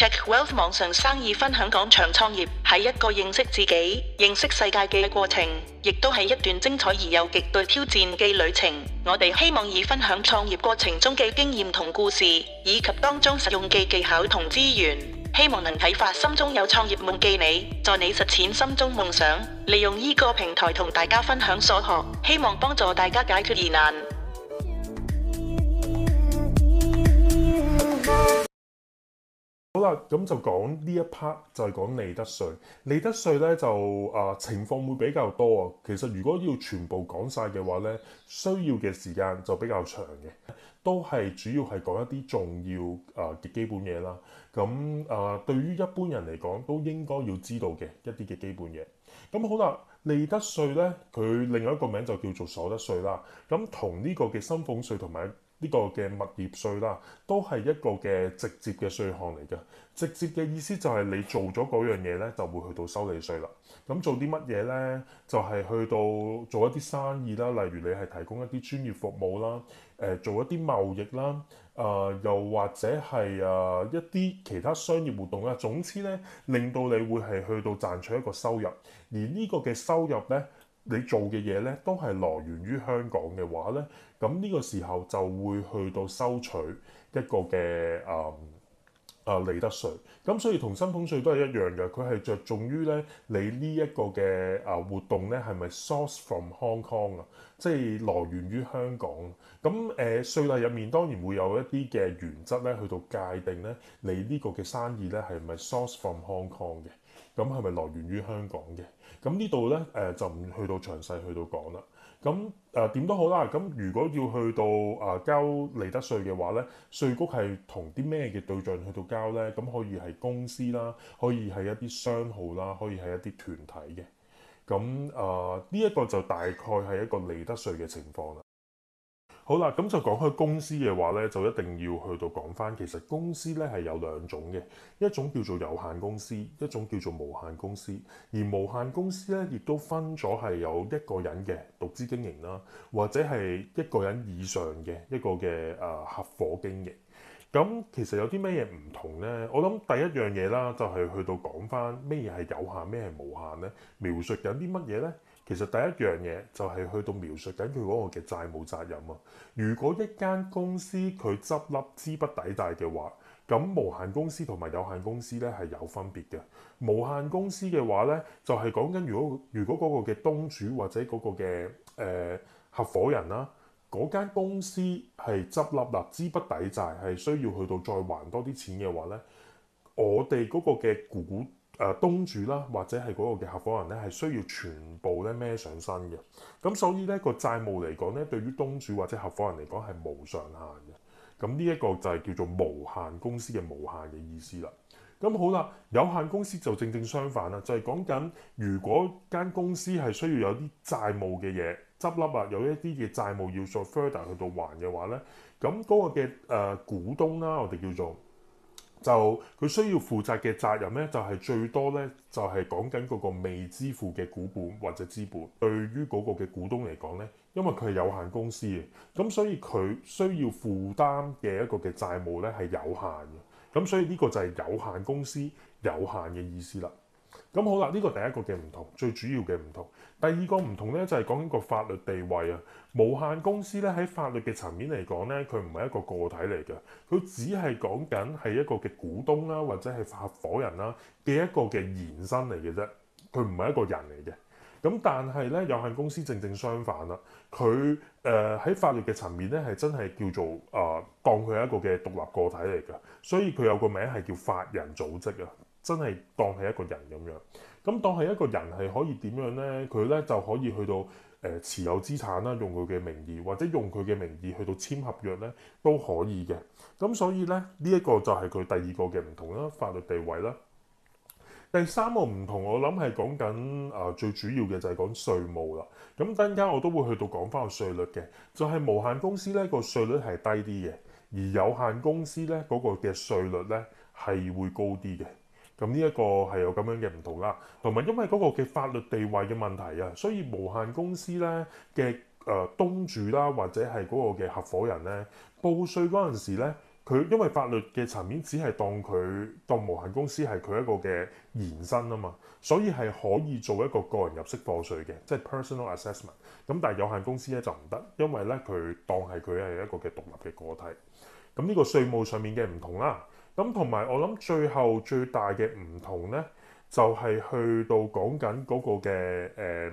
Check Wealth 網上生意分享廣場創業係一個認識自己、認識世界嘅過程，亦都係一段精彩而又極度挑戰嘅旅程。我哋希望以分享創業過程中嘅經驗同故事，以及當中實用嘅技、技巧同資源，希望能啟發心中有創業夢嘅你，助你實踐心中夢想。利用呢個平台同大家分享所學，希望幫助大家解決疑難。好啦，咁就講呢一 part 就係，是，講利得稅。利得稅咧就啊，呃、情況會比較多啊。其實如果要全部講晒嘅話咧，需要嘅時間就比較長嘅，都係主要係講一啲重要啊嘅基本嘢啦。咁啊，呃，對於一般人嚟講，都應該要知道嘅一啲嘅基本嘢。咁，嗯、好啦，利得稅咧，佢另一個名就叫做所得稅啦。咁同呢個嘅薪俸稅同埋。呢個嘅物業稅啦，都係一個嘅直接嘅稅項嚟嘅。直接嘅意思就係你做咗嗰樣嘢呢，就會去到收利稅啦。咁做啲乜嘢呢？就係、是、去到做一啲生意啦，例如你係提供一啲專業服務啦，誒、呃、做一啲貿易啦，誒、呃、又或者係誒、呃、一啲其他商業活動啦。總之呢，令到你會係去到賺取一個收入，而呢個嘅收入呢。你做嘅嘢咧，都係來源於香港嘅話咧，咁呢個時候就會去到收取一個嘅誒誒利得稅。咁所以同薪俸稅都係一樣嘅，佢係着重於咧你呢一個嘅誒活動咧係咪 source from Hong Kong 啊，即係來源於香港。咁誒稅例入面當然會有一啲嘅原則咧，去到界定咧你呢個嘅生意咧係咪 source from Hong Kong 嘅，咁係咪來源於香港嘅？咁呢度咧，誒、呃、就唔去到詳細去到講啦。咁誒點都好啦。咁、呃、如，如果要去到啊交利得稅嘅話咧，稅局係同啲咩嘅對象去到交咧？咁可以係公司啦，可以係一啲商號啦，可以係一啲團體嘅。咁誒呢一個就大概係一個利得稅嘅情況啦。好啦，咁就講開公司嘅話咧，就一定要去到講返，其實公司咧係有兩種嘅，一種叫做有限公司，一種叫做無限公司。而無限公司咧，亦都分咗係有一個人嘅獨資經營啦，或者係一個人以上嘅一個嘅誒合夥經營。咁其實有啲咩嘢唔同咧？我諗第一樣嘢啦，就係去到講返咩嘢係有限，咩係無限咧？描述緊啲乜嘢咧？其實第一樣嘢就係、是、去到描述緊佢嗰個嘅債務責任啊。如果一間公司佢執笠，資不抵債嘅話，咁無限公司同埋有限公司咧係有分別嘅。無限公司嘅話咧，就係講緊如果如果嗰個嘅東主或者嗰個嘅誒、呃、合夥人啦，嗰間公司係執笠立資不抵債，係需要去到再還多啲錢嘅話咧，我哋嗰個嘅股誒東主啦，或者係嗰個嘅合伙人咧，係需要全部咧孭上身嘅。咁所以咧，個債務嚟講咧，對於東主或者合伙人嚟講係無上限嘅。咁呢一個就係叫做無限公司嘅無限嘅意思啦。咁好啦，有限公司就正正相反啦，就係講緊如果間公司係需要有啲債務嘅嘢執笠啊，有一啲嘅債務要再 further 去到還嘅話咧，咁嗰個嘅誒、呃、股東啦，我哋叫做。就佢需要負責嘅責任咧，就係最多咧，就係講緊嗰個未支付嘅股本或者資本。對於嗰個嘅股東嚟講咧，因為佢係有限公司嘅，咁所以佢需要負擔嘅一個嘅債務咧係有限嘅。咁所以呢個就係有限公司有限嘅意思啦。咁好啦，呢個第一個嘅唔同，最主要嘅唔同。第二個唔同咧，就係講緊個法律地位啊。無限公司咧，喺法律嘅層面嚟講咧，佢唔係一個個體嚟嘅，佢只係講緊係一個嘅股東啦，或者係合夥人啦嘅一個嘅延伸嚟嘅啫。佢唔係一個人嚟嘅。咁但係咧，有限公司正正相反啦。佢誒喺法律嘅層面咧，係真係叫做啊，呃，當佢係一個嘅獨立個體嚟嘅，所以佢有個名係叫法人組織啊。真係當係一個人咁樣，咁當係一個人係可以點樣呢？佢咧就可以去到誒持有資產啦，用佢嘅名義或者用佢嘅名義去到簽合約呢都可以嘅。咁所以呢，呢一個就係佢第二個嘅唔同啦，法律地位啦。第三個唔同我諗係講緊啊，最主要嘅就係講稅務啦。咁等陣間我都會去到講返個稅率嘅，就係無限公司呢個稅率係低啲嘅，而有限公司呢嗰個嘅稅率呢係會高啲嘅。咁呢一個係有咁樣嘅唔同啦，同埋因為嗰個嘅法律地位嘅問題啊，所以無限公司咧嘅誒東主啦，或者係嗰個嘅合伙人咧報稅嗰陣時咧，佢因為法律嘅層面只係當佢當無限公司係佢一個嘅延伸啊嘛，所以係可以做一個個人入息課稅嘅，即係 personal assessment。咁但係有限公司咧就唔得，因為咧佢當係佢係一個嘅獨立嘅個體。咁呢個稅務上面嘅唔同啦。咁同埋，我諗最後最大嘅唔同咧，就係、是、去到講緊嗰個嘅誒、呃，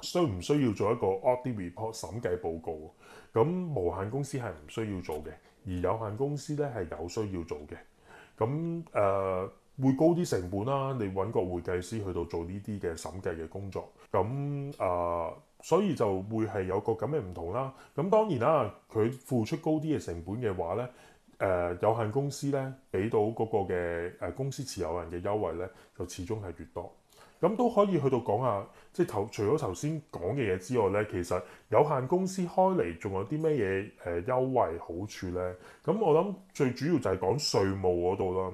需唔需要做一個 audit report 審計報告？咁、嗯、無限公司係唔需要做嘅，而有限公司咧係有需要做嘅。咁、嗯、誒、呃、會高啲成本啦，你搵個會計師去到做呢啲嘅審計嘅工作。咁、嗯、啊、呃，所以就會係有個咁嘅唔同啦。咁、嗯、當然啦，佢付出高啲嘅成本嘅話咧。誒、呃、有限公司咧，俾到嗰個嘅誒、呃、公司持有人嘅優惠咧，就始終係越多咁都、嗯、可以去到講下，即係頭除咗頭先講嘅嘢之外咧，其實有限公司開嚟仲有啲咩嘢誒優惠好處咧？咁、嗯、我諗最主要就係講稅務嗰度啦。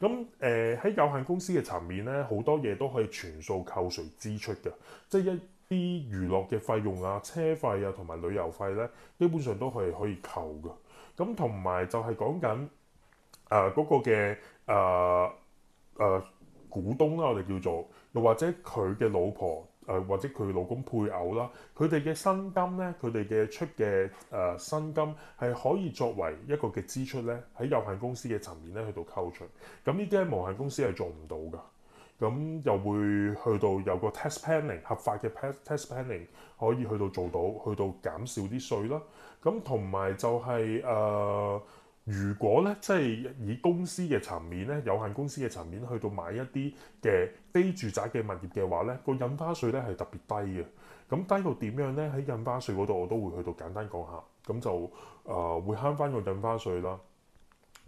咁誒喺有限公司嘅層面咧，好多嘢都可以全數扣稅支出嘅，即係一。啲娛樂嘅費用啊、車費啊、同埋旅遊費咧，基本上都係可以扣㗎。咁同埋就係講緊誒嗰個嘅誒誒股東啦，我哋叫做又或者佢嘅老婆誒，或者佢老，、呃、老公配偶啦，佢哋嘅薪金咧，佢哋嘅出嘅誒薪金係可以作為一個嘅支出咧，喺有限公司嘅層面咧去到扣除。咁呢啲喺無限公司係做唔到㗎。咁又會去到有個 tax planning 合法嘅 tax planning 可以去到做到，去到減少啲稅啦。咁同埋就係、是、誒、呃，如果咧即係以公司嘅層面咧，有限公司嘅層面去到買一啲嘅非住宅嘅物業嘅話咧，呢個印花稅咧係特別低嘅。咁低到點樣咧？喺印花稅嗰度我都會去到簡單講下。咁就誒、呃、會慳翻個印花稅啦。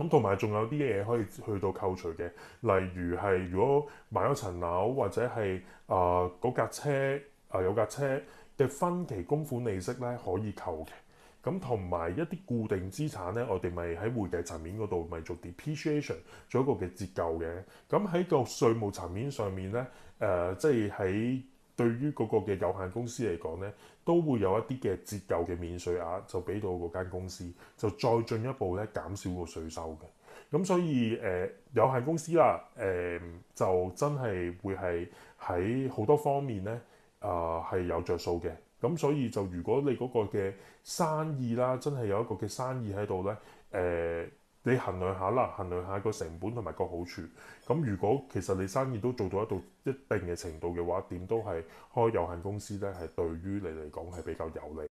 咁同埋仲有啲嘢可以去到扣除嘅，例如係如果買咗層樓或者係啊嗰架車啊，有架車嘅分期供款利息咧可以扣嘅。咁同埋一啲固定資產咧，我哋咪喺會計層面嗰度咪做 depreciation 做一個嘅折舊嘅，咁喺個稅務層面上面咧誒，即係喺。就是。對於嗰個嘅有限公司嚟講呢都會有一啲嘅折舊嘅免稅額，就俾到嗰間公司，就再進一步咧減少個稅收嘅。咁所以誒、呃、有限公司啦，誒、呃、就真係會係喺好多方面呢啊係、呃、有着數嘅。咁所以就如果你嗰個嘅生意啦，真係有一個嘅生意喺度呢。誒、呃。你衡量下啦，衡量下個成本同埋個好處。咁如果其實你生意都做到一度一定嘅程度嘅話，點都係開有限公司呢？係對於你嚟講係比較有利。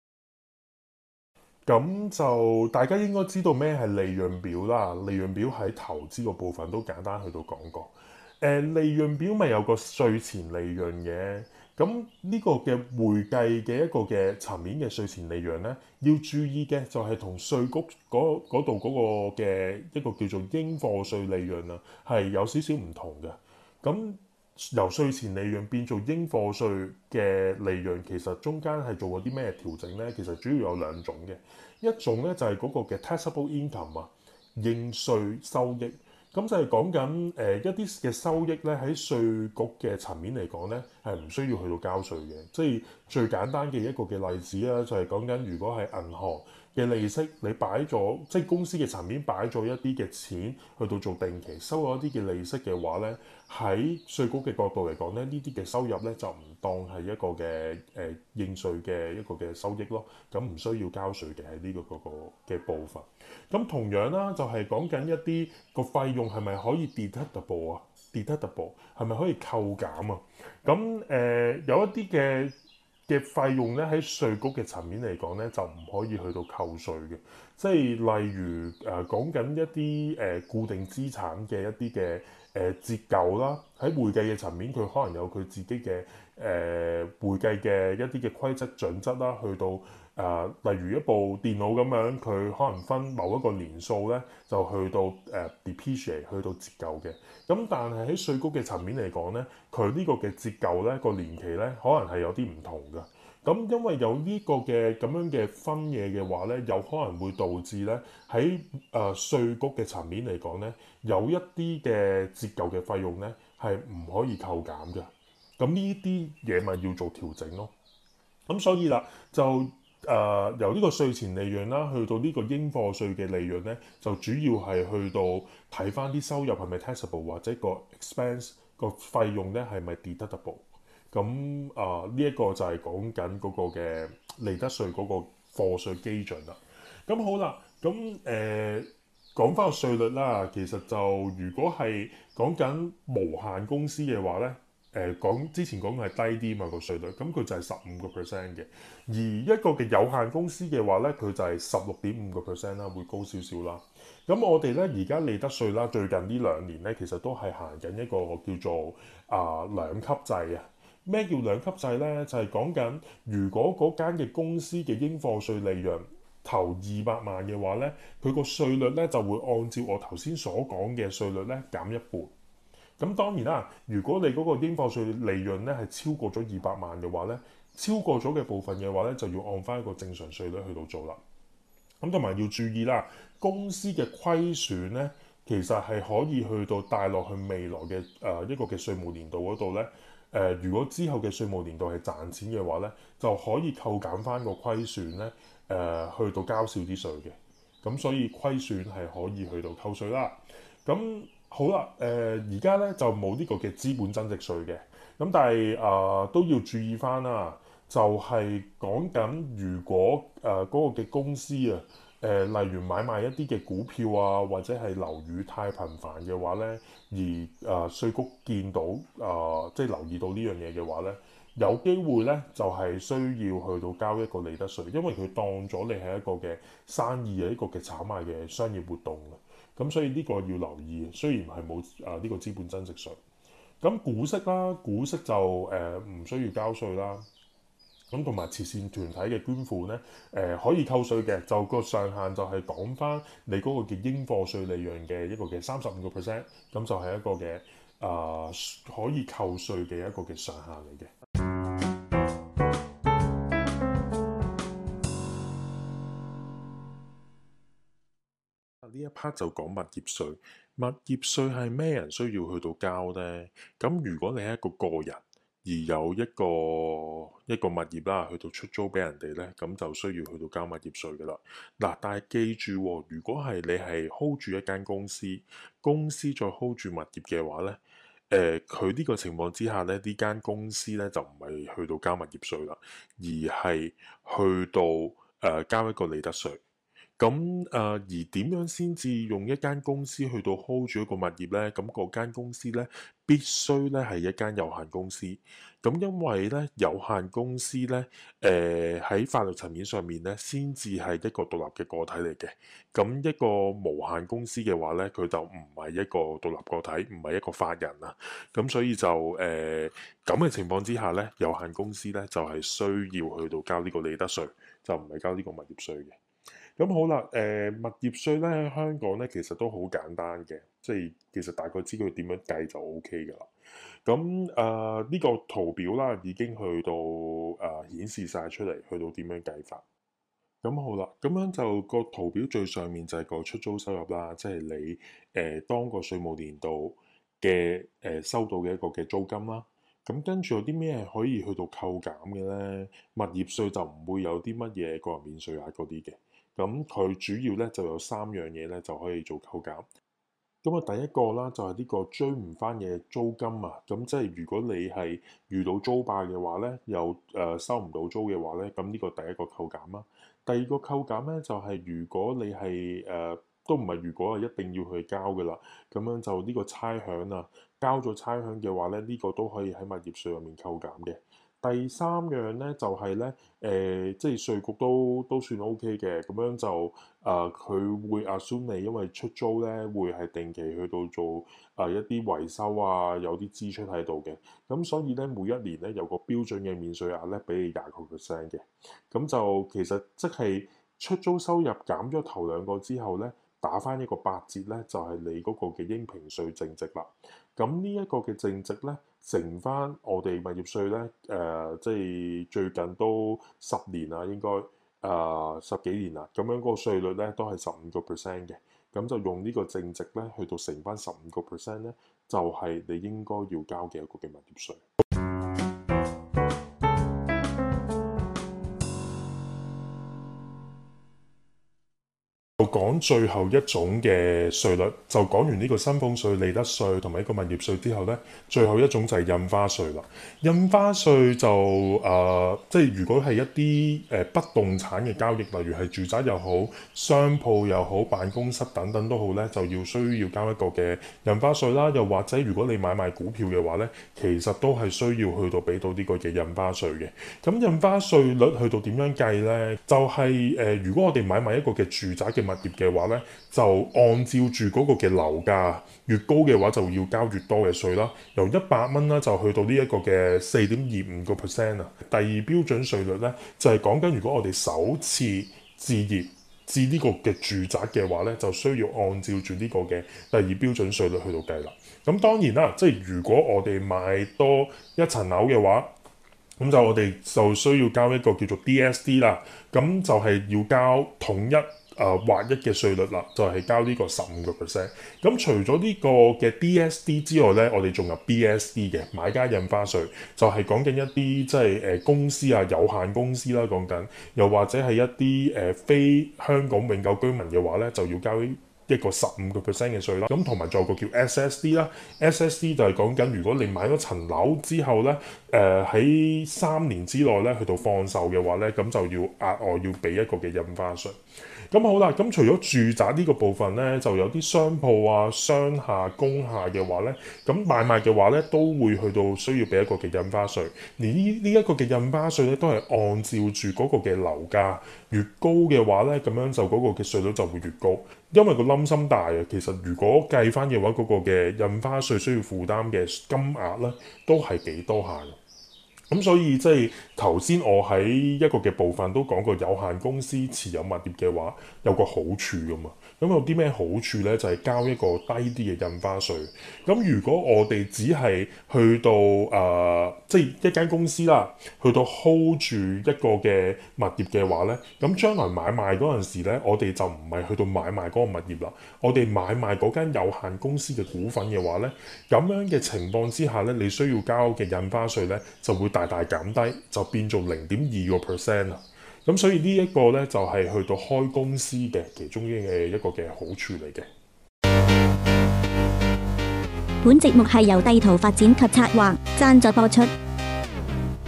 咁 就大家應該知道咩係利潤表啦，利潤表喺投資個部分都簡單去到講過。誒、呃，利潤表咪有個稅前利潤嘅。咁呢個嘅會計嘅一個嘅層面嘅稅前利潤咧，要注意嘅就係同稅局嗰度嗰個嘅一個叫做應課稅利潤啊，係有少少唔同嘅。咁由稅前利潤變做應課稅嘅利潤，其實中間係做過啲咩調整咧？其實主要有兩種嘅，一種咧就係、是、嗰個嘅 taxable income 啊，應稅收益。咁就係講緊誒一啲嘅收益咧，喺稅局嘅層面嚟講咧，係唔需要去到交稅嘅。即係最簡單嘅一個嘅例子啊，就係講緊如果係銀行嘅利息，你擺咗即係公司嘅層面擺咗一啲嘅錢去到做定期，收咗一啲嘅利息嘅話咧，喺稅局嘅角度嚟講咧，呢啲嘅收入咧就唔當係一個嘅誒應稅嘅一個嘅收益咯，咁唔需要交稅嘅，喺呢個個個嘅部分。咁、嗯、同樣啦，就係講緊一啲個費用係咪可以 deductible 啊？deductible 係咪可以扣減啊？咁、嗯、誒、呃、有一啲嘅。嘅費用咧，喺稅局嘅層面嚟講咧，就唔可以去到扣稅嘅。即係例如誒、呃、講緊一啲誒、呃、固定資產嘅一啲嘅誒折舊啦，喺、呃、會計嘅層面，佢可能有佢自己嘅誒、呃、會計嘅一啲嘅規則準則啦，去到。誒，uh, 例如一部電腦咁樣，佢可能分某一個年數咧，就去到誒、uh, depreciate 去到折舊嘅。咁但係喺稅局嘅層面嚟講咧，佢呢個嘅折舊咧，個年期咧，可能係有啲唔同嘅。咁因為有呢個嘅咁樣嘅分嘢嘅話咧，有可能會導致咧，喺誒稅局嘅層面嚟講咧，有一啲嘅折舊嘅費用咧係唔可以扣減嘅。咁呢啲嘢咪要做調整咯。咁所以啦，就誒、uh, 由呢個稅前利潤啦，去到呢個應課稅嘅利潤咧，就主要係去到睇翻啲收入係咪 taxable 或者個 expense 個費用咧係咪 deductible。咁啊呢一個就係講緊嗰個嘅利得稅嗰個課稅基準啦。咁好啦，咁誒、uh, 講翻個稅率啦，其實就如果係講緊無限公司嘅話咧。誒、講之前講嘅係低啲嘛，個稅率，咁佢就係十五個 percent 嘅，而一個嘅有限公司嘅話咧，佢就係十六點五個 percent 啦，會高少少啦。咁我哋咧而家利得稅啦，最近呢兩年咧，其實都係行緊一個叫做啊兩級制啊。咩叫兩級制咧？就係講緊如果嗰間嘅公司嘅應課稅利潤頭二百萬嘅話咧，佢個稅率咧就會按照我頭先所講嘅稅率咧減一半。咁當然啦，如果你嗰個應課稅利潤咧係超過咗二百萬嘅話咧，超過咗嘅部分嘅話咧就要按翻一個正常稅率去到做啦。咁同埋要注意啦，公司嘅虧損咧其實係可以去到帶落去未來嘅誒、呃、一個嘅稅務年度嗰度咧。誒、呃，如果之後嘅稅務年度係賺錢嘅話咧，就可以扣減翻個虧損咧誒、呃、去到交少啲稅嘅。咁、嗯、所以虧損係可以去到扣稅啦。咁、嗯好啦，誒而家咧就冇呢個嘅資本增值稅嘅，咁但係啊、呃、都要注意翻啦，就係講緊如果誒嗰、呃那個嘅公司啊，誒、呃、例如買賣一啲嘅股票啊，或者係樓宇太頻繁嘅話咧，而啊稅局見到啊、呃、即係留意到呢樣嘢嘅話咧，有機會咧就係、是、需要去到交一個利得稅，因為佢當咗你係一個嘅生意啊，一個嘅炒賣嘅商業活動。咁所以呢個要留意，雖然係冇啊呢個資本增值稅。咁股息啦，股息就誒唔、呃、需要交稅啦。咁同埋慈善團體嘅捐款咧，誒、呃、可以扣稅嘅，就個上限就係講翻你嗰個叫應課稅利潤嘅一個嘅三十五個 percent，咁就係一個嘅啊、呃、可以扣稅嘅一個嘅上限嚟嘅。一 part 就講物業稅，物業稅係咩人需要去到交呢？咁如果你係一個個人，而有一個一個物業啦，去到出租俾人哋呢，咁就需要去到交物業稅噶啦。嗱，但係記住，如果係你係 hold 住一間公司，公司再 hold 住物業嘅話呢，誒、呃，佢呢個情況之下呢，呢間公司呢，就唔係去到交物業稅啦，而係去到誒、呃、交一個利得稅。咁誒，而點樣先至用一間公司去到 hold 住一個物業咧？咁嗰間公司咧，必須咧係一間有限公司。咁因為咧，有限公司咧，誒喺法律層面上面咧，先至係一個獨立嘅個體嚟嘅。咁一個無限公司嘅話咧，佢就唔係一個獨立個體，唔係一個法人啦。咁所以就誒咁嘅情況之下咧，有限公司咧就係需要去到交呢個利得稅，就唔係交呢個物業稅嘅。咁好啦，誒、呃、物業稅咧，香港咧其實都好簡單嘅，即係其實大概知佢點樣計就 OK 噶啦。咁誒呢個圖表啦，已經去到誒顯、呃、示晒出嚟，去到點樣計法。咁好啦，咁樣就個圖表最上面就係個出租收入啦，即係你誒、呃、當個稅務年度嘅誒、呃、收到嘅一個嘅租金啦。咁跟住有啲咩可以去到扣減嘅咧？物業稅就唔會有啲乜嘢個人免稅額嗰啲嘅。咁佢主要咧就有三樣嘢咧就可以做扣減。咁啊，第一個啦就係呢個追唔翻嘅租金啊。咁即係如果你係遇到租霸嘅話咧，又誒收唔到租嘅話咧，咁呢個第一個扣減啦。第二個扣減咧就係、是、如果你係誒、呃、都唔係如果啊，一定要去交噶啦。咁樣就呢個差餉啊，交咗差餉嘅話咧，呢、這個都可以喺物業稅入面扣減嘅。第三樣咧就係、是、咧，誒、呃，即係稅局都都算 OK 嘅，咁樣就誒佢、呃、會 assume 你因為出租咧會係定期去到做誒、呃、一啲維修啊，有啲支出喺度嘅，咁所以咧每一年咧有個標準嘅免稅額咧俾你廿個 percent 嘅，咁就其實即係出租收入減咗頭兩個之後咧，打翻一個八折咧，就係、是、你嗰個嘅應評稅淨值啦。咁呢一個嘅淨值咧，乘翻我哋物業稅咧，誒、呃，即係最近都十年啦，應該誒、呃、十幾年啦。咁樣嗰個稅率咧都係十五個 percent 嘅。咁就用個呢個淨值咧，去到乘翻十五個 percent 咧，就係、是、你應該要交嘅一個嘅物業稅。講最後一種嘅稅率，就講完呢個薪俸稅、利得稅同埋一個物業稅之後呢，最後一種就係印花稅啦。印花稅就誒，即、呃、係、就是、如果係一啲誒、呃、不動產嘅交易，例如係住宅又好、商鋪又好、辦公室等等都好呢，就要需要交一個嘅印花稅啦。又或者如果你買賣股票嘅話呢，其實都係需要去到俾到呢個嘅印花稅嘅。咁印花稅率去到點樣計呢？就係、是、誒、呃，如果我哋買賣一個嘅住宅嘅物業嘅話咧，就按照住嗰個嘅樓價越高嘅話，就要交越多嘅稅啦。由一百蚊啦，就去到呢一個嘅四點二五個 percent 啊。第二標準稅率咧，就係講緊如果我哋首次置業至呢個嘅住宅嘅話咧，就需要按照住呢個嘅第二標準稅率去到計啦。咁當然啦，即係如果我哋買多一層樓嘅話，咁就我哋就需要交一個叫做 DSD 啦。咁就係要交統一。誒劃、呃、一嘅稅率啦，就係、是、交呢個十五個 percent。咁除咗呢個嘅 DSD 之外咧，我哋仲有 BSD 嘅買家印花稅，就係講緊一啲即係誒公司啊、有限公司啦，講緊又或者係一啲誒、呃、非香港永久居民嘅話咧，就要交呢一個十五個 percent 嘅稅啦。咁同埋仲有個叫 SSD 啦，SSD 就係講緊如果你買咗層樓之後咧。誒喺三年之內咧，去到放售嘅話咧，咁就要額外要俾一個嘅印花稅。咁好啦，咁除咗住宅呢個部分咧，就有啲商鋪啊、商廈工廈嘅話咧，咁買賣嘅話咧，都會去到需要俾一個嘅印花稅。而呢呢一個嘅印花稅咧，都係按照住嗰個嘅樓價越高嘅話咧，咁樣就嗰個嘅稅率就會越高。因為個冧心大啊，其實如果計翻嘅話，嗰個嘅印花稅需要負擔嘅金額咧，都係幾多下嘅。咁所以即係頭先我喺一個嘅部分都講過有限公司持有物業嘅話有個好處噶嘛。咁有啲咩好處咧？就係交一個低啲嘅印花稅。咁如果我哋只係去到誒即係一間公司啦，去到 hold 住一個嘅物業嘅話咧，咁將來買賣嗰陣時咧，我哋就唔係去到買賣嗰個物業啦，我哋買賣嗰間有限公司嘅股份嘅話咧，咁樣嘅情況之下咧，你需要交嘅印花稅咧就會大大大減低，就變做零點二個 percent 啦。咁所以呢一個呢，就係去到開公司嘅其中一嘅一個嘅好處嚟嘅。本節目係由地圖發展及策劃贊助播出。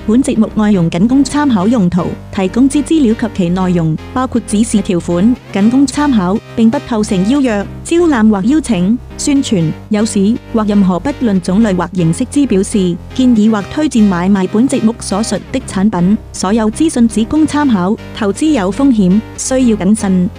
本節目內容僅供參考用途，提供之資料及其內容包括指示條款，僅供參考，並不構成邀約、招攬或邀請。宣傳、誘使或任何不論種類或形式之表示、建議或推薦買賣本節目所述的產品，所有資訊只供參考，投資有風險，需要謹慎。